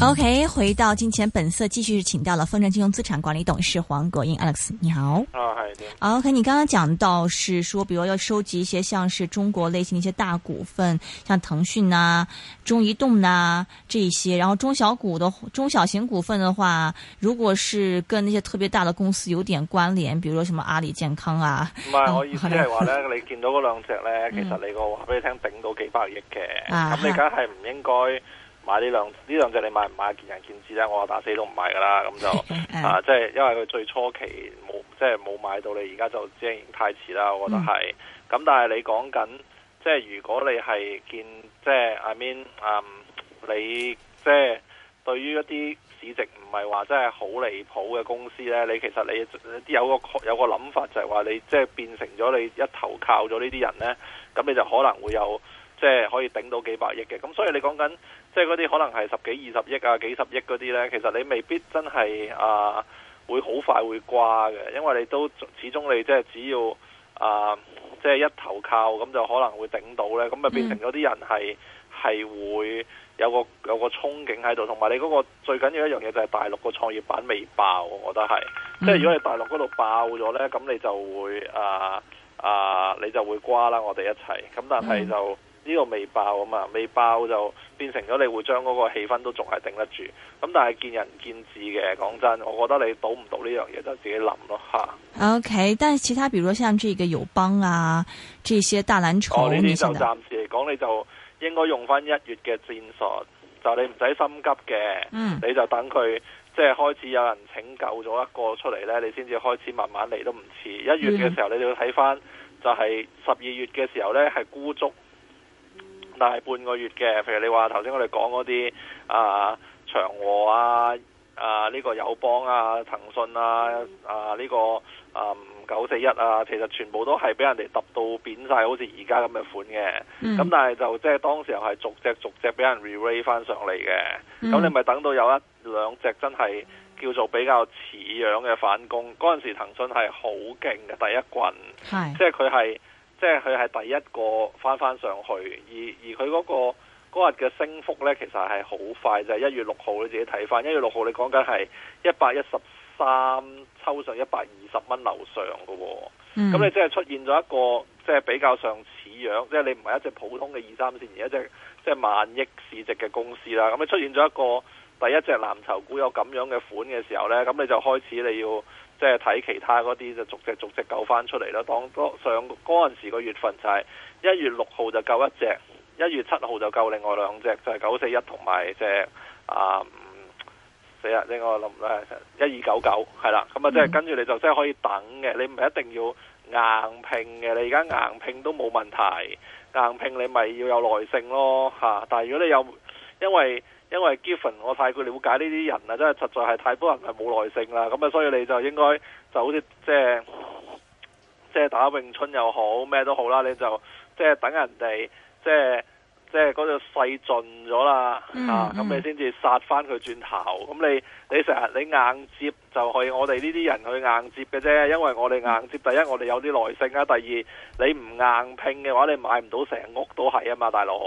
OK，回到金錢本色，繼續是請到了豐盛金融資產管理董事黃國英 Alex，你好。啊，係。OK，你剛剛講到是說，比如說要收集一些像是中國類型的一些大股份，像騰訊吶、啊、中移動吶、啊、這些，然後中小股的中小型股份的話，如果是跟那些特別大的公司有點關聯，比如說什麼阿里健康啊。唔係，我意思係話呢，嗯、你見到嗰兩隻呢，嗯、其實你個話俾你聽，頂到幾百億嘅，咁、啊、你梗係唔應該。買呢兩呢兩隻你買唔買？見仁見智啦。我話打死都唔買㗎啦。咁就 啊，即係因為佢最初期冇，即係冇買到你，而家就即係太遲啦。我覺得係。咁、嗯、但係你講緊，即係如果你係見，即係阿 Min，嗯，你即係對於一啲市值唔係話真係好離譜嘅公司咧，你其實你有個有個諗法就是，就係話你即係變成咗你一投靠咗呢啲人咧，咁你就可能會有。即係可以頂到幾百億嘅，咁所以你講緊即係嗰啲可能係十幾二十億啊、幾十億嗰啲呢，其實你未必真係啊會好快會瓜嘅，因為你都始終你即係只要啊即係一投靠咁就可能會頂到呢。咁啊變成咗啲人係係、嗯、會有個有個憧憬喺度，同埋你嗰個最緊要一樣嘢就係大陸個創業板未爆，我覺得係。嗯、即係如果你大陸嗰度爆咗呢，咁你就會啊啊你就會瓜啦，我哋一齊。咁但係就。嗯呢個未爆啊嘛，未爆就變成咗你會將嗰個氣氛都仲係頂得住。咁但係見仁見智嘅，講真，我覺得你賭唔到呢樣嘢就自己諗咯吓 OK，但係其他，比如話像呢個友邦啊，呢啲大藍籌，哦，你就暫時嚟講你就應該用翻一月嘅戰術，就你唔使心急嘅，嗯、你就等佢即係開始有人拯救咗一個出嚟呢，你先至開始慢慢嚟都唔遲。一月嘅時候、嗯、你要看就要睇翻，就係十二月嘅時候呢，係沽足。大半個月嘅，譬如你話頭先我哋講嗰啲啊長和啊啊呢個友邦啊騰訊啊啊呢個啊九四一啊，其實全部都係俾人哋揼到扁晒，好似而家咁嘅款嘅。咁、嗯、但係就即係當時又係逐隻逐隻俾人 replay 翻上嚟嘅。咁、嗯、你咪等到有一兩隻真係叫做比較似樣嘅反攻。嗰陣時騰訊係好勁嘅第一棍，係即係佢係。即係佢係第一個翻翻上去，而而佢嗰個嗰日嘅升幅呢，其實係好快啫。就係一月六號你自己睇翻，一月六號你講緊係一百一十三抽上一百二十蚊樓上嘅喎。嗯，咁你即係出現咗一個即係比較上似樣，即係你唔係一隻普通嘅二三線，而一隻即係萬億市值嘅公司啦。咁你出現咗一個第一隻藍籌股有咁樣嘅款嘅時候呢，咁你就開始你要。即係睇其他嗰啲，就逐隻逐隻救翻出嚟囉。當上嗰陣時個月份就係一月六號就救一隻，一月七號就救另外兩隻，就係九四一同埋即死啊四啊，另外諗咧一二九九係啦。咁啊，即係跟住你就即係可以等嘅，你唔係一定要硬拼嘅。你而家硬拼都冇問題，硬拼你咪要有耐性咯嚇。但係如果你有因為，因為 Giffen，我太過了解呢啲人啦，真係實在係太多人係冇耐性啦，咁啊，所以你就應該就好似即係即係打詠春又好咩都好啦，你就即係等人哋即係即係嗰個勢盡咗啦，mm hmm. 啊，咁你先至殺翻佢轉頭。咁你你成日你硬接就係，我哋呢啲人去硬接嘅啫，因為我哋硬接第一，我哋有啲耐性啊，第二，你唔硬拼嘅話，你買唔到成屋都係啊嘛，大佬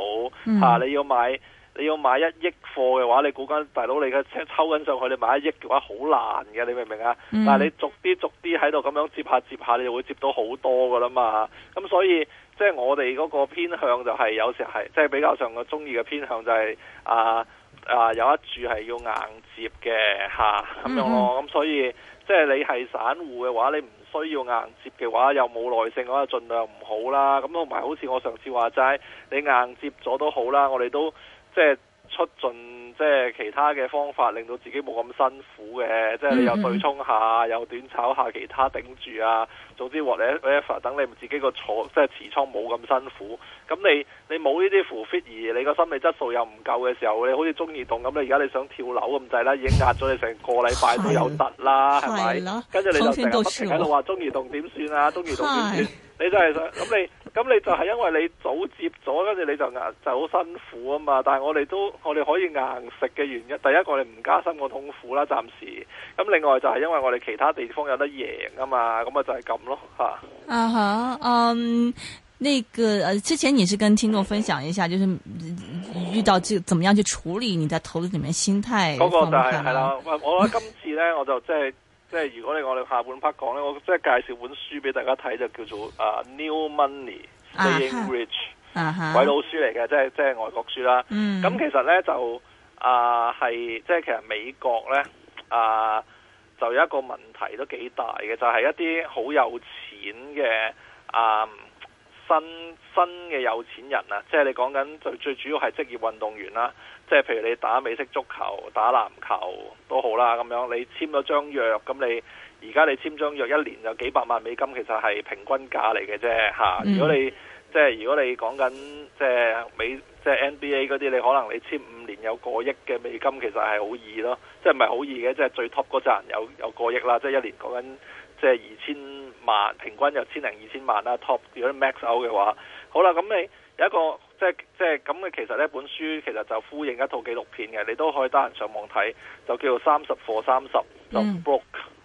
嚇、啊，你要買。你要買一億貨嘅話，你估緊大佬你嘅車抽緊上去，你買一億嘅話好難嘅，你明唔明啊？Mm hmm. 但係你逐啲逐啲喺度咁樣接下接下，你就會接到好多㗎喇嘛。咁所以即係、就是、我哋嗰個偏向就係有時係即係比較上個鍾意嘅偏向就係、是、啊啊有一注係要硬接嘅吓，咁、啊、樣咯。咁、mm hmm. 所以即係、就是、你係散戶嘅話，你唔需要硬接嘅話，又冇耐性嘅話，儘量唔好啦。咁同埋好似我上次話齋，你硬接咗都好啦，我哋都。即係出盡，即係其他嘅方法，令到自己冇咁辛苦嘅。即係你又對沖下，又短炒下其他頂住啊。總之 what the, whatever, 等你自己個倉，即係持倉冇咁辛苦。咁你你冇呢啲扶 fit 而你個心理質素又唔夠嘅時候，你好似中移動咁你而家你想跳樓咁滯啦，已經壓咗你成個禮拜都有得啦，係咪的？跟住吧就你成日不停喺度話中移動點算啊？中移動點算。 你就係、是、咁，那你咁你就係因為你早接咗，跟住你就就好辛苦啊嘛。但係我哋都我哋可以硬食嘅原因，第一個你唔加深個痛苦啦，暫時。咁另外就係因為我哋其他地方有得贏啊嘛，咁啊就係咁咯嚇。啊嚇，嗯，呢個之前你是跟聽眾分享一下，就是遇到就怎麼樣去處理你在投資裏面心態嗰個就係、啦。我，我， 我，我今次咧我就即、就、係、是。即係如果你我哋下半 part 講咧，我即係介紹本書俾大家睇，就叫做《啊、uh, New Money, Staying Rich,、uh》huh. uh《The English》鬼佬書嚟嘅，即係即係外國書啦。咁、mm. 其實咧就啊係即係其實美國咧啊、呃、就有一個問題都幾大嘅，就係、是、一啲好有錢嘅啊。呃新新嘅有錢人啊，即係你講緊最最主要係職業運動員啦，即係譬如你打美式足球、打籃球都好啦，咁樣你簽咗張約，咁你而家你簽張約一年有幾百萬美金，其實係平均價嚟嘅啫嚇。如果你即係如果你講緊即係美即係 NBA 嗰啲，你可能你簽五年有過億嘅美金，其實係好易咯，即係唔係好易嘅，即係最 top 嗰扎人有有過億啦，即係一年講緊即係二千。就是萬平均有千零二千萬啦、啊、top 如果 max out 嘅話，好啦，咁你有一個即係即係咁嘅，其實呢本書其實就呼應一套紀錄片嘅，你都可以得閒上網睇，就叫做三十 for 三十就 broke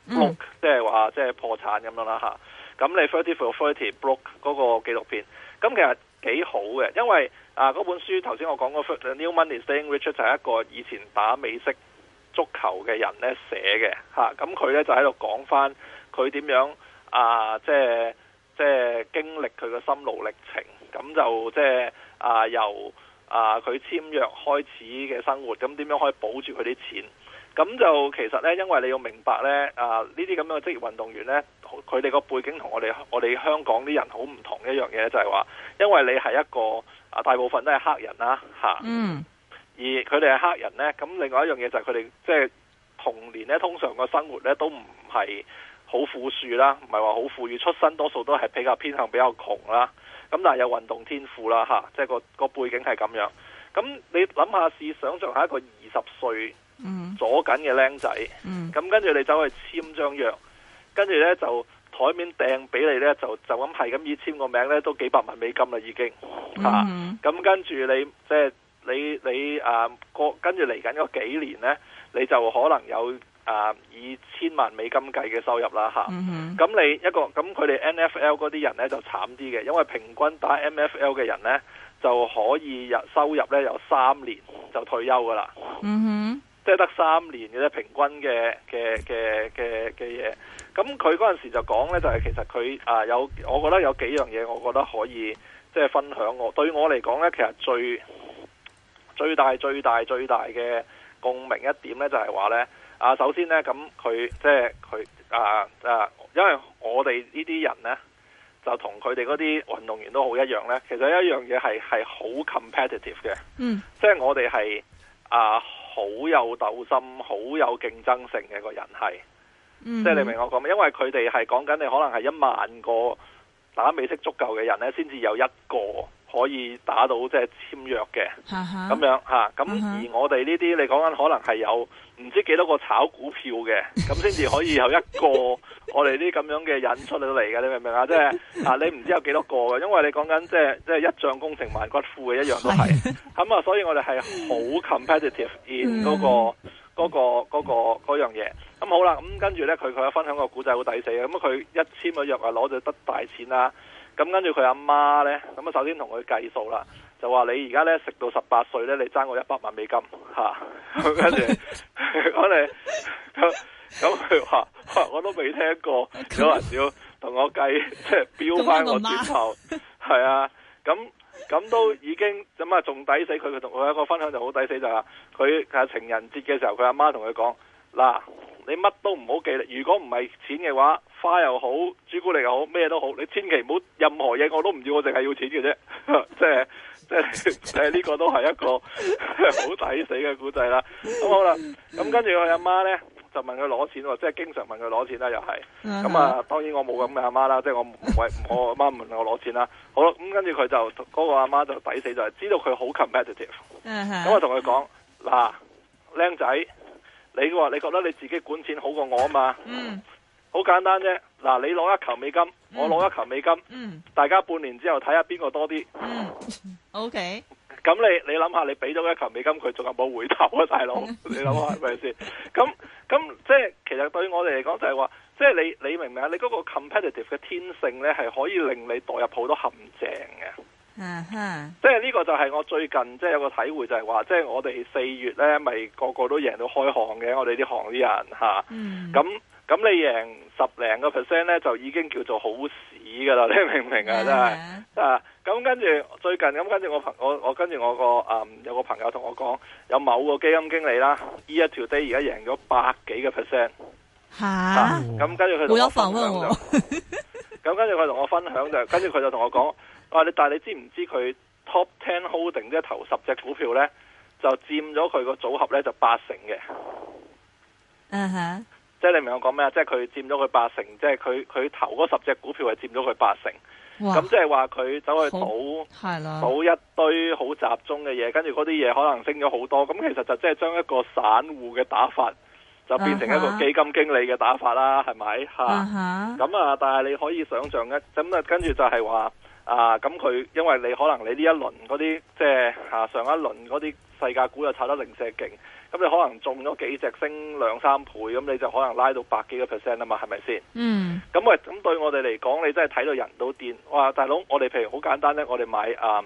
broke，即係話即係破產咁樣啦嚇。咁、啊、你 thirty for thirty broke 嗰個紀錄片，咁其實幾好嘅，因為啊嗰本書頭先我講嗰 new money staying rich 就係一個以前打美式足球嘅人咧寫嘅嚇，咁佢咧就喺度講翻佢點樣。啊，即係即係經歷佢嘅心路歷程，咁、嗯、就即係啊由啊佢、嗯、簽約開始嘅生活，咁、嗯、點樣可以保住佢啲錢？咁、嗯、就、嗯嗯、其實呢，因為你要明白呢啊呢啲咁樣嘅職業運動員呢，佢哋個背景同我哋我哋香港啲人好唔同一樣嘢，就係話，因為你係一個啊大部分都係黑人啦、啊，吓、啊、嗯，而佢哋係黑人呢。咁另外一樣嘢就係佢哋即係童年呢，通常個生活呢都唔係。好富庶啦，唔係話好富裕出身，多數都係比較偏向比較窮啦。咁但係有運動天賦啦，吓，即係個個背景係咁樣。咁你諗下，試想象下一個二十歲，左緊嘅僆仔，咁、hmm. 跟住你走去簽張約，跟住呢就台面掟俾你呢，就就咁係咁已簽個名呢，都幾百萬美金啦已經，吓、mm。咁、hmm. 跟住你即係、就是、你你啊，跟住嚟緊嗰幾年呢，你就可能有。啊！以千萬美金計嘅收入啦，吓、嗯哼！咁你一個咁佢哋 NFL 嗰啲人呢就慘啲嘅，因為平均打 NFL 嘅人呢就可以收入呢有三年就退休㗎喇。嗯、哼即係得三年嘅平均嘅嘅嘅嘅嘅嘢。咁佢嗰陣時就講呢，就係、是、其實佢啊有，我覺得有幾樣嘢，我覺得可以即係、就是、分享我對我嚟講呢，其實最最大最大最大嘅共鳴一點呢，就係話呢。啊，首先呢，咁佢即係佢啊啊，因為我哋呢啲人呢，就同佢哋嗰啲運動員都好一樣呢，其實一樣嘢係係好 competitive 嘅，是很 com 的，嗯，即係我哋係啊好有鬥心、好有競爭性嘅個人係，嗯、哼即係你明我講咩？因為佢哋係講緊你可能係一萬個打美式足球嘅人呢，先至有一個可以打到即係簽約嘅，咁、啊、哈樣吓。咁、啊嗯、哼而我哋呢啲，你講緊可能係有。唔知幾多個炒股票嘅，咁先至可以有一個我哋啲咁樣嘅引出嚟嘅， 你明唔明啊？即、就、係、是、啊，你唔知有幾多個嘅，因為你講緊即係即係一將功成萬骨枯嘅一樣都係，咁啊、 嗯，所以我哋係 com、嗯、好 competitive in 嗰個嗰個嗰個嗰樣嘢。咁好啦，咁跟住呢，佢佢分享個股仔好抵死嘅，咁、嗯、佢一簽咗約啊攞就得大錢啦。咁跟住佢阿媽呢，咁啊首先同佢計數啦，就話你而家呢，食到十八歲呢，歲你爭我一百萬美金吓、啊、跟住我哋，咁佢話我都未聽過，有 人要同我計，即係標翻我轉頭係 啊，咁咁都已經咁啊，仲、嗯、抵死佢。佢同佢一個分享就好抵死就係、是，佢係情人節嘅時候，佢阿媽同佢講：嗱、啊，你乜都唔好計，如果唔係錢嘅話。花又好，朱古力又好，咩都好，你千祈唔好任何嘢，我都唔要，我淨係要錢嘅啫， 即係即係呢個都係一個 好抵死嘅古仔啦。咁好啦，咁跟住佢阿媽呢，就問佢攞錢喎，即係經常問佢攞錢啦，又係。咁、uh huh. 啊，當然我冇咁嘅阿媽啦，即係我唔係我阿媽問我攞錢啦。好啦，咁跟住佢就嗰、那個阿媽就抵死就係知道佢好 competitive，咁、uh huh. 我同佢講，嗱、靚、啊、仔，你話你覺得你自己管錢好過我啊嘛？Uh huh. 好簡單啫，嗱，你攞一球美金，嗯、我攞一球美金，嗯，大家半年之後睇下邊個多啲，嗯，O K，咁你你諗下，你俾咗一球美金，佢仲有冇回頭啊，大佬，你諗下係咪先？咁咁 即係其實對我哋嚟講就係話，即係你你明唔明啊？你嗰個 competitive 嘅天性咧，係可以令你墮入好多陷阱嘅，嗯哼，即係呢個就係我最近即係有個體會，就係話，即係我哋四月咧，咪個個都贏到開行嘅，我哋啲行啲人吓，啊、嗯，咁。咁你贏十零個 percent 咧，就已經叫做好屎噶啦！你明唔明 Yeah, yeah. 啊？真係啊！咁跟住最近咁跟住我朋我我跟住我個誒、嗯、有個朋友同我講，有某個基金經理啦，year to day 而家贏咗百幾個 percent 吓，咁 What? 跟住佢冇有反問我，咁 跟住佢同我分享就，跟住佢就同我講， 啊你但係你知唔知佢 top ten holding 即係頭十隻股票咧，就佔咗佢個組合咧就八成嘅，嗯吓、uh。Huh. 即係你明我講咩啊？即係佢佔咗佢八成，即係佢佢頭嗰十隻股票係佔咗佢八成，咁哇即係話佢走去賭賭一堆好集中嘅嘢，跟住嗰啲嘢可能升咗好多，咁其實就即係將一個散戶嘅打法就變成一個基金經理嘅打法啦，係咪吓？咁啊，但係你可以想象一咁啊，跟住就係話啊，咁佢因為你可能你呢一輪嗰啲即係啊上一輪嗰啲世界股又炒得零舍勁。咁你可能中咗幾隻升兩三倍，咁你就可能拉到百幾個 percent 啊嘛，係咪先？嗯、mm。咁喂，咁對我哋嚟講，你真係睇到人都癲。哇，大佬，我哋譬如好簡單咧，我哋買啊、嗯、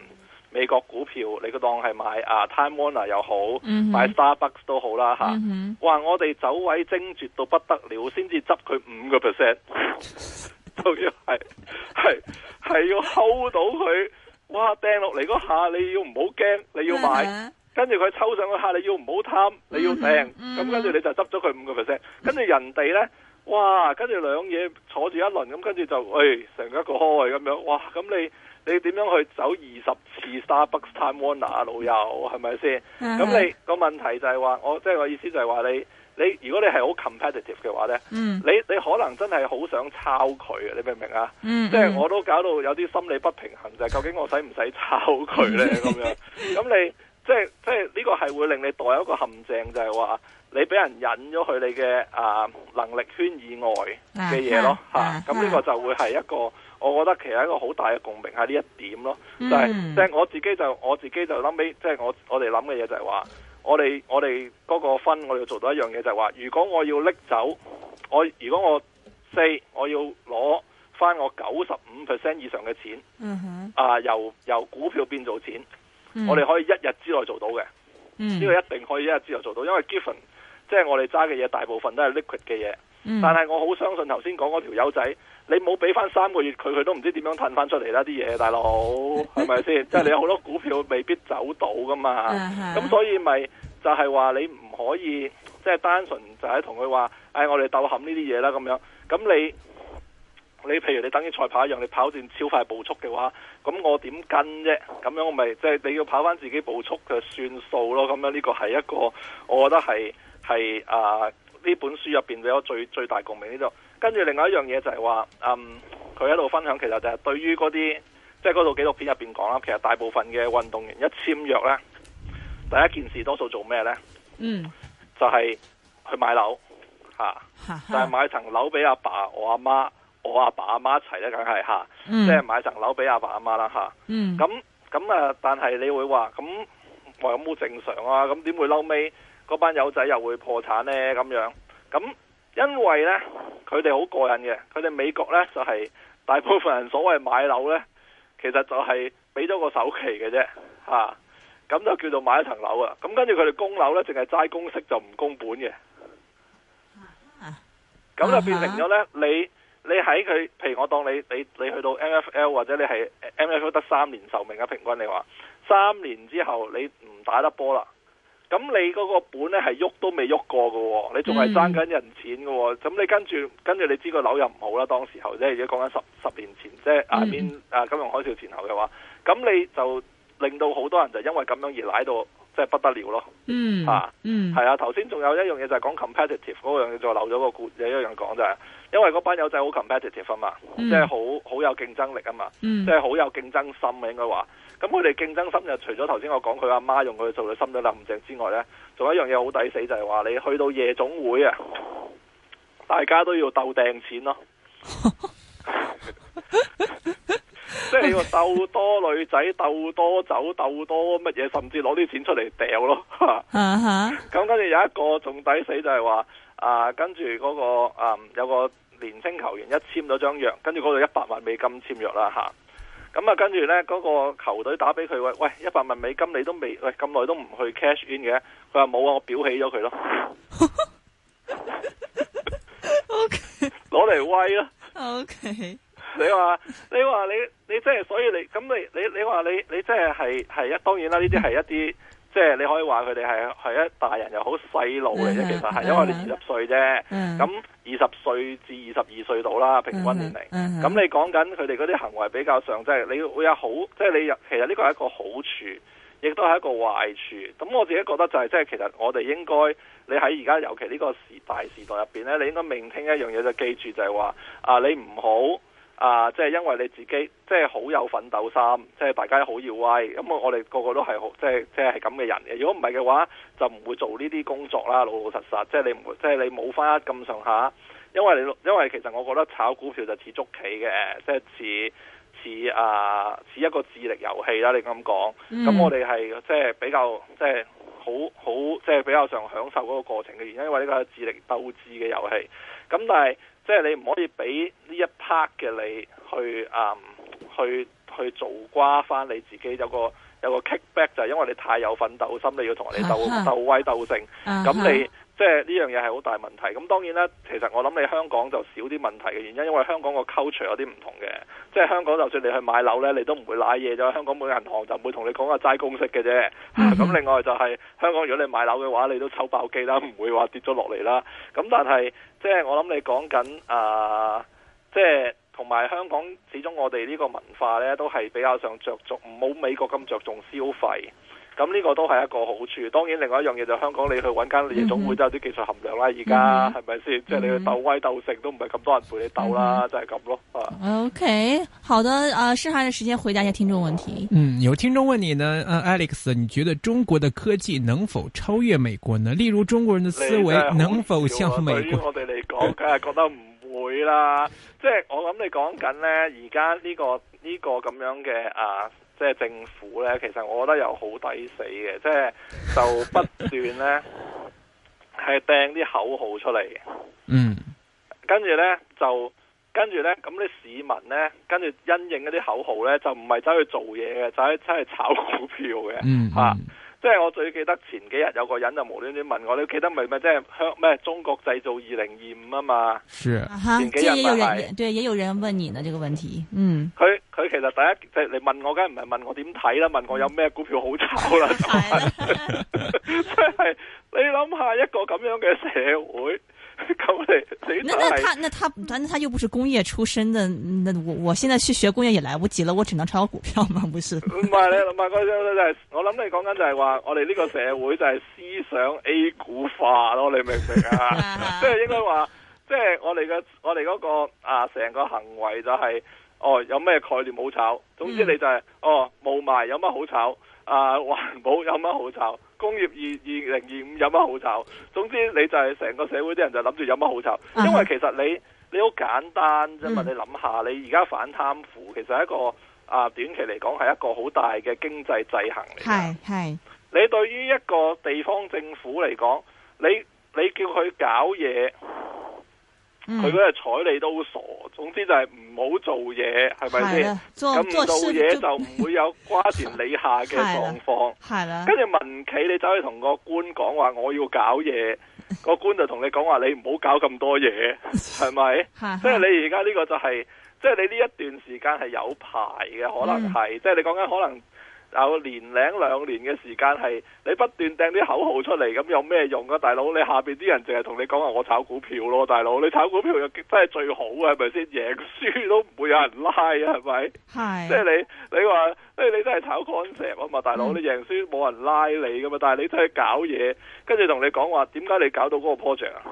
美國股票，你個當係買啊 Time Warner 又好，mm hmm. 買 Starbucks 都好啦吓。哇、啊 mm hmm.，我哋走位精絕到不得了，先至執佢五個 percent，仲要係係係要 hold 到佢。哇，掟落嚟嗰下，你要唔好驚，你要買。 跟住佢抽上去客，你，要唔好貪，你要掟，咁、嗯嗯、跟住你就執咗佢五個 percent。跟住人哋呢，哇！跟住兩嘢坐住一輪，咁跟住就誒成一個開咁樣，哇！咁你你點樣去走二十次 Starbucks Time Warner 啊，老友係咪先？咁是是 你個問題就係話，我即係我意思就係話你你如果你係好 competitive 嘅話呢，嗯、你你可能真係好想抄佢，你明唔明啊？即係、嗯、我都搞到有啲心理不平衡就係、是，究竟我使唔使抄佢呢？咁、嗯、樣咁 你。即係即係呢個係會令你代一個陷阱，就係、是、話你俾人引咗去你嘅啊、呃、能力圈以外嘅嘢咯吓，咁呢個就會係一個，我覺得其實一個好大嘅共鳴喺呢一點咯，就係、是嗯、即係我自己就我自己就諗起，即係我我哋諗嘅嘢就係話，我哋我哋嗰個分，我哋要做到一樣嘢就係話，如果我要拎走，我如果我 say 我要攞翻我九十五 percent 以上嘅錢，啊、嗯哼呃、由由股票變做錢。嗯、我哋可以一日之內做到嘅，呢、嗯、個一定可以一日之內做到，因為 given 即係我哋揸嘅嘢，大部分都係 liquid 嘅嘢，嗯、但係我好相信頭先講嗰條友仔，你冇俾翻三個月佢，佢都唔知點樣褪翻出嚟啦啲嘢，大佬係咪先？即係你有好多股票未必走到噶嘛，咁 所以咪就係話你唔可以即係、就是、單純就係同佢話，誒、哎、我哋鬥冚呢啲嘢啦咁樣，咁你。你譬如你等於賽跑一樣，你跑段超快步速嘅話，咁我點跟啫？咁樣我咪即係你要跑翻自己步速嘅算數咯。咁樣呢個係一個，我覺得係係啊呢本書入邊俾我最最大共鳴呢度。跟住另外一樣嘢就係話，嗯，佢喺度分享其實就係對於嗰啲即係嗰套紀錄片入面講啦，其實大部分嘅運動員一簽約呢，第一件事多數做咩呢？嗯，就係去買樓嚇，啊、哈哈就係買層樓俾阿爸爸我阿媽。我阿爸阿媽一齊咧，梗係吓，即係、嗯、買層樓俾阿爸阿媽啦吓。咁咁啊，嗯、但係你會話咁有冇正常啊？咁點會嬲尾嗰班友仔又會破產呢？咁樣咁，因為呢，佢哋好過癮嘅。佢哋美國呢，就係、是、大部分人所謂買樓呢，其實就係俾咗個首期嘅啫，吓、啊、咁就叫做買一層樓啊。咁跟住佢哋供樓呢，淨係齋供息就唔供本嘅。咁就變成咗呢，uh huh. 你。你喺佢，譬如我當你你你去到 NFL 或者你係 NFL 得三年壽命嘅平均，你話三年之後你唔打得波啦，咁你嗰個本咧係喐都未喐過喎。你仲係爭緊人錢喎。咁、嗯、你跟住跟住你知個樓又唔好啦，當時候即係而家講緊十十年前，即係下邊啊金融海嘯前後嘅話，咁、嗯、你就令到好多人就因為咁樣而瀨到即係不得了咯，吓、嗯，係啊，頭先仲有一樣嘢就係講 competitive 嗰樣嘢，再漏咗個故有一樣講就係、是。因為嗰班友仔好 competitive 啊嘛、嗯，即係好好有競爭力啊嘛，即係好有競爭心啊應該話。咁佢哋競爭心就除咗頭先我講佢阿媽用佢做佢心理林靜之外呢，仲有一樣嘢好抵死就係、是、話你去到夜總會啊，大家都要鬥掟錢咯，即係 你要鬥多女仔鬥多酒鬥多乜嘢，甚至攞啲錢出嚟掉咯。咁跟住有一個仲抵死就係、是、話。啊，跟住嗰、那個啊、嗯、有個年青球員一簽咗張約，跟住嗰度一百萬美金簽約啦吓。咁啊，就跟住呢，嗰、那個球隊打俾佢喂，喂，一百萬美金你都未喂咁耐都唔去 cash in 嘅，佢話冇啊，我裱起咗佢咯。攞嚟 威咯。O K，你話你話你你即係所以你咁你你你話你你即係係係一當然啦，呢啲係一啲。即係你可以話佢哋係係一大人又好細路嚟啫，其實係因為你二十歲啫。咁二十歲至二十二歲度啦，平均年齡。咁、mm hmm. 你講緊佢哋嗰啲行為比較上，即係你會有好，即係你其實呢個係一個好處，亦都係一個壞處。咁我自己覺得就係即係其實我哋應該你喺而家尤其呢個大時代入面咧，你應該明聽一樣嘢就記住就係話啊，你唔好。啊，即係因為你自己即係好有奮鬥心，即係大家好要威，咁我我哋個個都係好，即係即係咁嘅人嘅。如果唔係嘅話，就唔會做呢啲工作啦。老老實實，即係你，即係你冇翻咁上下。因為你，因為其實我覺得炒股票就似捉棋嘅，即係似似啊，似一個智力遊戲啦。你咁講，咁，嗯，我哋係即係比較即係好好，即係比較想享受嗰個過程嘅原因，因為呢個係智力鬥智嘅遊戲。咁但係，即係你唔可以俾呢一 part 嘅你去啊、嗯，去去做瓜翻你自己有個。有個 kickback 就係因為你太有奮鬥心鬥，你要同人哋鬥鬥威鬥勝，咁、uh, uh, 你即係呢樣嘢係好大問題。咁當然啦，其實我諗你香港就少啲問題嘅原因，因為香港個扣除有啲唔同嘅，即、就、係、是、香港就算你去買樓呢，你都唔會賴嘢就，香港每個銀行就唔會同你講話齋公式嘅啫。咁、uh, 另外就係、是 uh, 香港，如果你買樓嘅話，你都抽爆機啦，唔會話跌咗落嚟啦。咁但係即係我諗你講緊啊，即、呃、係。就是同埋香港，始終我哋呢個文化呢都係比較上着重，唔好美國咁着重消費。咁呢個都係一個好處，當然另外一樣嘢，就香港你去搵間夜總會都有啲技術含量啦，而家係咪先？是是，即係你去鬥威鬥勝都唔係咁多人陪你鬥啦，嗯、就係咁咯。啊，OK，好的，啊剩下嘅時間，回答一下聽眾問題。嗯，有聽眾問你呢、啊、，Alex，你覺得中國嘅科技能否超越美國呢？例如中國人嘅思維能否向美國？嗯、我哋嚟講，梗係覺得唔會啦。 即係我諗你講緊呢，而家呢個呢、呢個咁樣嘅啊。即係政府咧，其實我覺得又好抵死嘅，即係就不斷咧係掟啲口號出嚟，嗯，跟住咧就跟住咧，咁啲市民咧跟住因應嗰啲口號咧，就唔係走去做嘢嘅，走去即係炒股票嘅，嗯嗯。啊即係我最記得前幾日有個人就無端端問我，你記得咪咪即係香咩？中國製造二零二五啊嘛，是啊前幾日咪係，對也有人問你呢這個問題，嗯，佢佢其實第一即係你問我，梗係唔係問我點睇啦，問我有咩股票好炒啦，即係你諗下一個咁樣嘅社會。咁 你？你就是、那那他那他，但那，那他又不是工業出身的，那我我現在去學工業也來不及了，我只能炒股票嘛？不是。唔係咧，唔係就係、是，我諗你講緊就係話，我哋呢個社會就係思想 A 股化咯，你明唔明、 就是那個、啊？即係應該話，即係我哋嘅我哋嗰個啊成個行為就係、是、哦有咩概念好炒，總之你就係、是嗯、哦霧霾有乜好炒啊環保有乜好炒。啊工業二二零二五有乜好炒？總之你就係成個社會啲人就諗住有乜好炒，因為其實你你好簡單啫嘛。你諗下，你而家反貪腐其實係一個啊、呃、短期嚟講係一個好大嘅經濟制衡嚟嘅。係係，你對於一個地方政府嚟講，你你叫佢搞嘢。佢嗰日睬你都傻，總之就係唔好做嘢，係咪先？咁唔做嘢就唔會有瓜田李下嘅狀況。係啦，跟住民企你走去同個官講話，我要搞嘢，個官就同你講話，的你唔好搞咁多嘢，係咪？即係你而家呢個就係，即係你呢一段時間係有排嘅，可能係，即係你講緊可能。有年零兩年嘅時間係你不斷掟啲口號出嚟，咁有咩用啊？大佬，你下面啲人淨係同你講話我炒股票咯，大佬，你炒股票又真係最好呀！係咪先？贏輸都唔會有人拉啊，係咪？係是，即係你你話，你都係炒 concept 啊嘛，大佬，你贏輸冇人拉你噶嘛，但係你都係搞嘢，跟住同你講話點解你搞到嗰個 project 啊？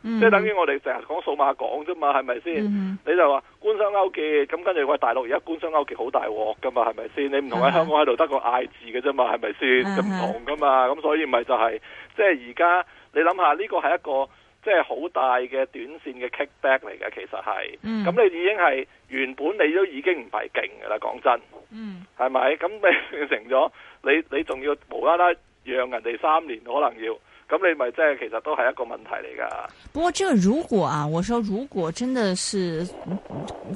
即係、mm hmm. 等於我哋成日講數碼港啫嘛，係咪先？Mm hmm. 你就話官商勾結，咁跟住話大陸而家官商勾結好大鑊噶嘛，係咪先？你唔同喺香港喺度得個嗌字嘅啫、mm hmm. 嘛，係咪先？就唔同噶嘛，咁所以咪就係，即係而家你諗下呢個係一個即係好大嘅短線嘅 kickback 嚟嘅，其實係。咁、mm hmm. 你已經係原本你都已經唔係勁噶啦，講真。嗯、mm。係、hmm. 咪？咁變成咗你你仲要無啦啦讓人哋三年可能要。咁你咪即係，其實都係一個問題嚟噶。不過，即係如果啊，我說如果真的是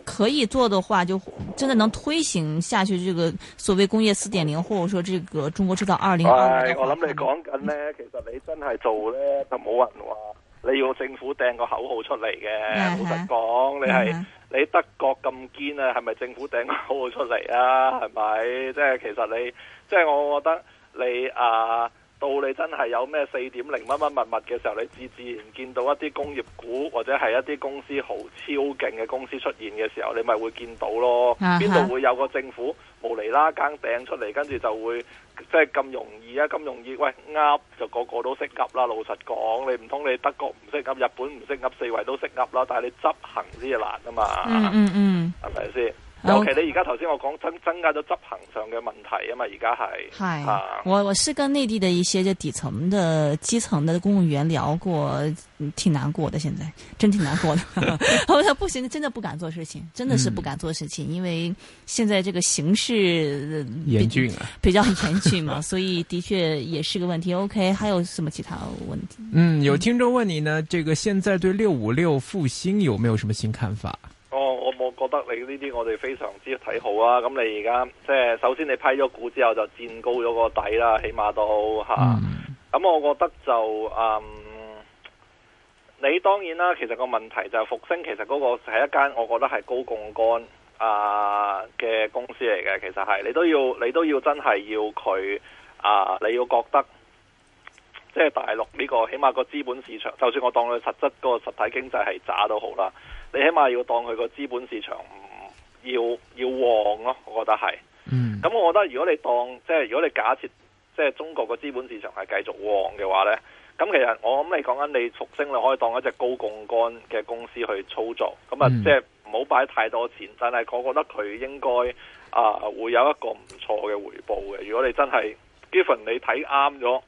可以做的話，就真的能推行下去。這個所謂工業四點零，或者說這個中國製造二零二五。係，我諗你講緊呢，嗯，其實你真係做呢，就冇人話你要政府掟個口號出嚟嘅，yeah, 老實講，你係你德國咁堅啊，係咪政府掟個口號出嚟啊？係咪？即係其實你，即係我覺得你啊。到你真係有咩四點零乜乜物物嘅時候，你自自然見到一啲工業股或者係一啲公司好超勁嘅公司出現嘅時候，你咪會見到咯。邊度、uh, huh. 會有個政府無厘啦，更掟出嚟，跟住就會即係咁容易啊，咁容易，喂，噏就個個都識噏啦。老實講，你唔通你德國唔識噏，日本唔識噏，四圍都識噏啦。但係你執行先至難啊嘛，嗯嗯嗯，係咪先？尤其你而家頭先我講增增加咗執行上嘅問題啊嘛，而家係，我 Hi,、啊、我是跟內地的一些就底層的基層的公務員聊過，挺難過的，現在真挺難過的。我想 不行，真的不敢做事情，真的是不敢做事情，嗯、因為現在這個形勢嚴峻啊，比較嚴峻嘛，所以的確也是個問題。 OK，還有什麼其他問題？嗯，有聽眾問你呢，這個現在對六五六復興有沒有什麼新看法？覺得你呢啲我哋非常之睇好啊！咁你而家即係首先你批咗股之後就佔高咗個底啦，起碼都好吓。咁、啊、我覺得就嗯，你當然啦。其實個問題就係復星、啊的公司的，其實嗰個係一間我覺得係高槓桿啊嘅公司嚟嘅。其實係你都要，你都要真係要佢啊！你要覺得即係大陸呢、這個起碼個資本市場，就算我當佢實質個實體經濟係渣都好啦。你起碼要當佢個資本市場唔要要旺咯、啊，我覺得係。咁、嗯、我覺得如果你當即係、就是、如果你假設即係、就是、中國個資本市場係繼續旺嘅話呢，咁其實我諗你講緊你復星，你可以當一隻高槓桿嘅公司去操作。咁啊，即係唔好擺太多錢，但係、嗯、我覺得佢應該啊會有一個唔錯嘅回報嘅。如果你真係 given 你睇啱咗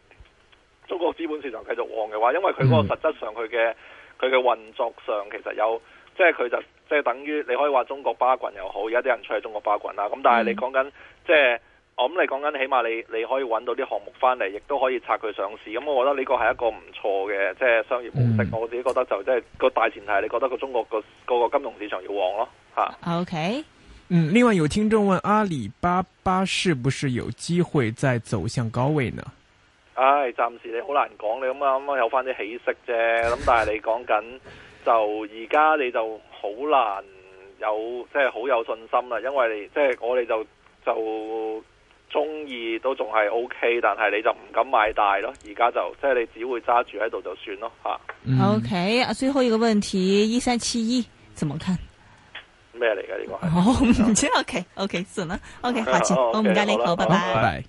中國資本市場繼續旺嘅話，因為佢嗰個實質上佢嘅佢嘅運作上其實有。即係佢就即係等於你可以話中國巴郡又好，而家啲人出去中國巴郡啦。咁但係你講緊、嗯、即係，我諗你講緊起碼你你可以揾到啲項目翻嚟，亦都可以拆佢上市。咁、嗯、我覺得呢個係一個唔錯嘅即係商業模式。嗯、我自己覺得就即、是、係、那個大前提係，你覺得個中國個個個金融市場要旺咯吓。啊、OK，嗯，另外有聽眾問：阿里巴巴是不是有機會再走向高位呢？唉、哎，暫時你好難講。你咁啱啱有翻啲起色啫。咁但係你講緊。 就而家你就好難有即係好有信心啦，因為你即係、就是、我哋就就中意都仲係 O K，但係你就唔敢買大咯。而家就即係、就是、你只會揸住喺度就算咯吓。啊嗯、o、okay, K，最後一個問題，一三七一怎麼看？咩嚟㗎呢個？唔知 O K，O K 算啦，O K 下次，我唔該你，好拜拜。